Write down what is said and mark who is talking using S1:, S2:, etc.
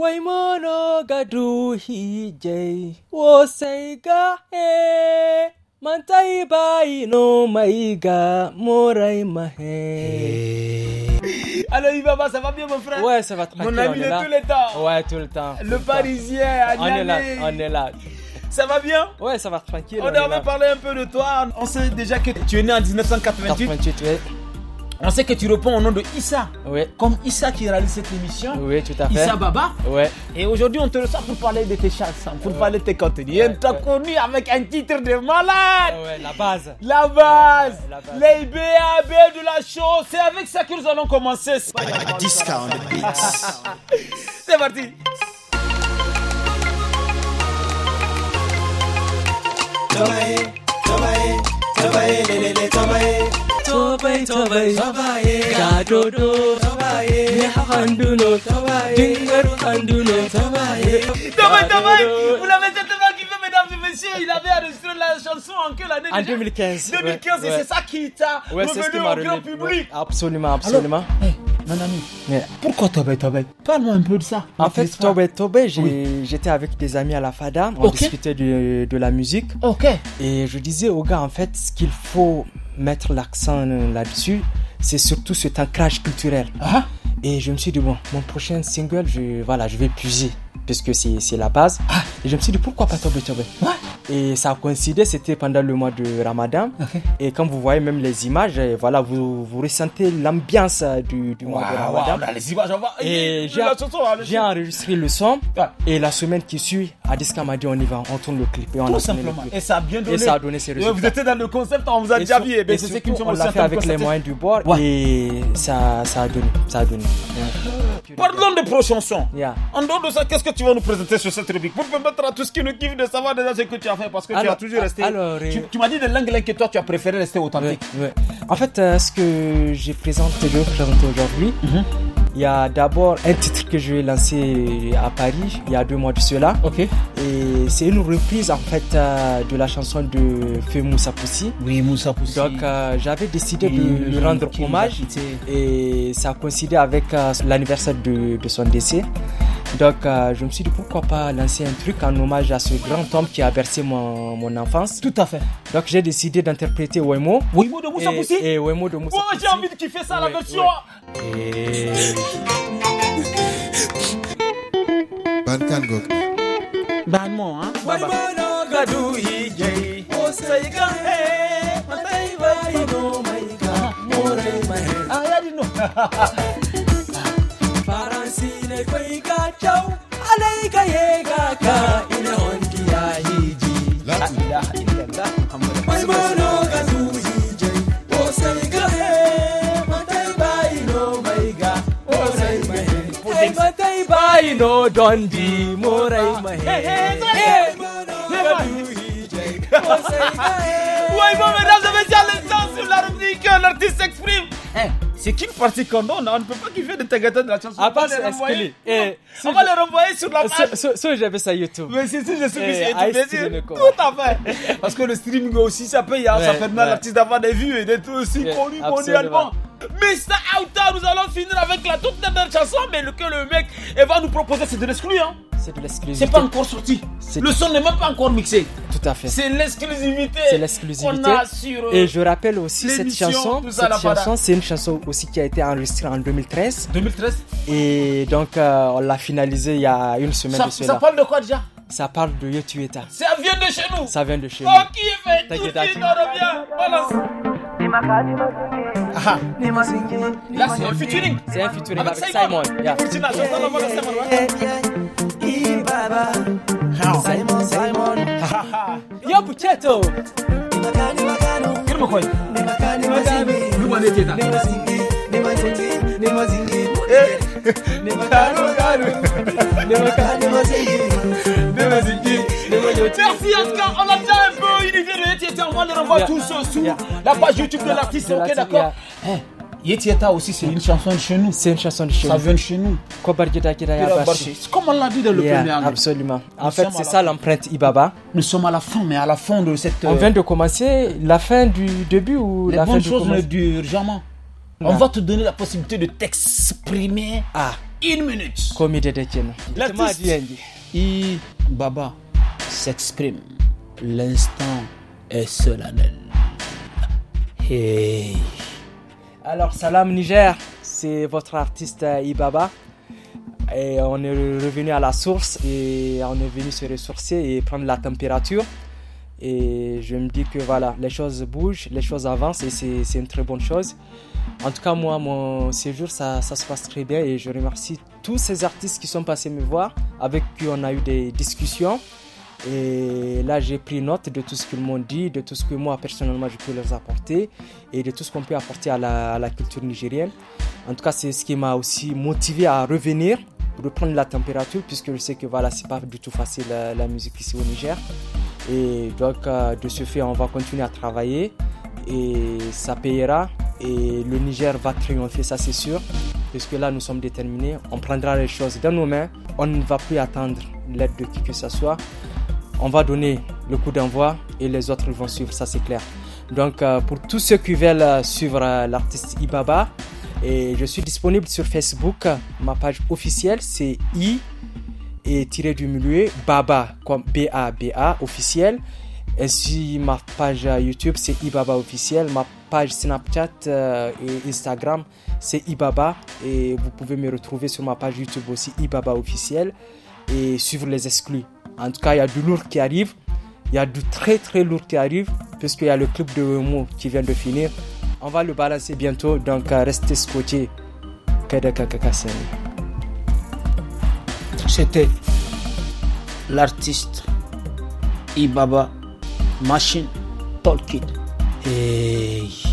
S1: waimono il va pas, ça va bien mon frère Ouais ça va très bien. Mon ami de tout le temps.
S2: Ouais tout le temps. Le parisien, on est là, on est là. Ça va bien Ouais ça va tranquille. On, on parler parler un peu de toi. On sait déjà que tu es né en 1988. On sait que tu réponds au nom de Issa. Oui. Comme Issa qui réalise cette émission. Oui, tout à fait. Issa Baba. Oui. Et aujourd'hui, on te reçoit pour parler de tes chansons, pour parler de tes contenus. Ouais, t'a connu avec un titre de malade. Ouais, la base. La base. La base. Les BAB de la chose. C'est avec ça que nous allons commencer. Discount C'est parti
S1: tobai tobai ga Tobaï ne handuno handuno tobai tobai
S2: vous l'avez certainement kiffé mesdames et messieurs il avait enregistré la chanson en quelle année en
S1: 2015 2015 et c'est
S2: ça qui t'a ouais, revenu au grand public
S1: absolument absolument Alors, mon ami, mais pourquoi Tobé Tobé
S2: Parle-moi un peu de ça. En fait,
S1: Tobé Tobé, j'étais avec des amis à la FADA, on discutait de, de la musique. Ok. Et je disais aux gars, en fait, ce qu'il faut mettre l'accent euh, là-dessus, c'est surtout cet ancrage culturel. Ah. Et je me suis dit, bon, mon prochain single, je, voilà, je vais puiser, parce que c'est la base. Ah. Et je me suis dit, pourquoi pas Tobé Tobé et ça a coïncidé, c'était pendant le mois de Ramadan. Et quand vous voyez même les images, eh, voilà, vous, vous ressentez l'ambiance euh, du, mois de Ramadan. les
S2: images, on va... Et eh, j'ai hein,
S1: enregistré le son. Et la semaine qui suit, Adiska m'a dit on y va, on tourne le clip. Et on a simplement. Et ça
S2: a bien donné. Et ça a donné ses résultats. Vous étiez dans le concept, on vous a déjà vu. Eh et c'est ce qui me On l'a fait avec les moyens du bord.
S1: Et ça, ça a donné. Ça a donné. Parlons des prochains sons.
S2: En dehors de ça, qu'est-ce que tu vas nous présenter sur cette rubrique Pour permettre à tous qui nous kiffent de savoir déjà ce que tu as fait parce que tu as toujours resté. Ah, tu, m'as dit de l'anglais que toi tu as préféré rester authentique.
S1: Ouais, En fait, euh, ce que j'ai présenté, présenter aujourd'hui, mhm. il y a d'abord un titre que je vais lancer à Paris il y a deux mois de cela. Ok. Et c'est une reprise en fait euh, de la chanson de Feu Moussa Oui, Moussa Donc euh, j'avais décidé de lui rendre hommage et ça coïncidait avec l'anniversaire de son décès. Donc, euh, je me suis dit pourquoi pas lancer un truc en hommage à ce grand homme qui a bercé mon, mon enfance. Tout à fait. Donc, j'ai décidé d'interpréter Wemo. Wemo de Moussa Et, Wemo de Moussa Oh, j'ai envie de
S2: kiffer ça, la version ouais. Et. Ban Banmo, hein
S1: no di morai mahe
S2: Ouais, bon, mesdames et messieurs, l'instant sur la rubrique, l'artiste s'exprime. Hey, c'est qui partie qu'on donne On ne peut pas kiffer de tagata de la chanson. À part les renvoyer. Eh, on va les renvoyer sur la page.
S1: Ce, ce, j'avais ça YouTube. Mais c'est ce, je suis YouTube. Tout à fait. Parce
S2: que le streaming aussi, ça paye. ça fait mal à l'artiste d'avoir des vues et d'être aussi connu mondialement. Mr. Outa, nous allons finir avec la toute dernière chanson, mais le que le mec va nous proposer, c'est de l'exclure. Hein. C'est de l'exclusivité. C'est pas encore sorti. Le son n'est même pas encore mixé. Tout à fait. C'est
S1: l'exclusivité. C'est l'exclusivité. Et je rappelle aussi cette chanson. Cette chanson, c'est une chanson aussi qui a été enregistrée en 2013. 2013. Et donc, euh, on l'a finalisée il y a une semaine ça, de Ça parle de quoi déjà ça parle de Yotueta. Ça
S2: vient de chez nous. Ça
S1: vient de chez oh, nous. Ok,
S2: mais est revient. Aha. Merci Oscar, on a un peu une idée. on les renvoie tous sur la page YouTube de l'artiste. Ok, d'accord.
S1: Eh, Yetieta aussi, c'est une chanson de chez nous. C'est une chanson de chez nous. Ça vient de chez nous. Comme on l'a dit dans le premier premier Absolument. En fait, c'est ça l'empreinte Ibaba. Nous sommes à la fin, mais à la fin de cette. On euh, vient de commencer la fin du début ou la fin du. Les bonnes choses ne durent jamais. On va
S2: te donner la possibilité de t'exprimer à une minute. Comme il était L'artiste Ibaba s'exprime. L'instant est solennel. Hey.
S1: Alors, salam Niger, c'est votre artiste euh, Ibaba. Et on est revenu à la source et on est venu se ressourcer et prendre la température. Et je me dis que voilà, les choses bougent, les choses avancent et c'est une très bonne chose. En tout cas, moi, mon séjour, ça, ça, se passe très bien et je remercie tous ces artistes qui sont passés me voir, avec qui on a eu des discussions. Et là, j'ai pris note de tout ce qu'ils m'ont dit, de tout ce que moi personnellement je peux leur apporter et de tout ce qu'on peut apporter à la, culture nigérienne. En tout cas, c'est ce qui m'a aussi motivé à revenir, reprendre la température, puisque je sais que voilà, c'est pas du tout facile la, musique ici au Niger. Et donc, euh, de ce fait, on va continuer à travailler et ça payera. Et le Niger va triompher, ça c'est sûr, puisque là nous sommes déterminés. On prendra les choses dans nos mains. On ne va plus attendre l'aide de qui que ce soit on va donner le coup d'envoi et les autres vont suivre, ça c'est clair. Donc euh, pour tous ceux qui veulent euh, suivre euh, l'artiste Ibaba, je suis disponible sur Facebook, ma page officielle c'est I et tiré du milieu Baba comme B A B A officiel. Ainsi ma page YouTube c'est Ibaba officiel, ma page Snapchat et Instagram c'est Ibaba et vous pouvez me retrouver sur ma page YouTube aussi Ibaba officiel et suivre les exclus. En tout cas, il y a du lourd qui arrive. Il y a du très très lourd qui arrive, puisqu'il y a le club de Wemo qui vient de finir. On va le balancer bientôt, donc euh, restez scotchés. C'était
S2: l'artiste Ibaba
S1: Machine Tolkien. et.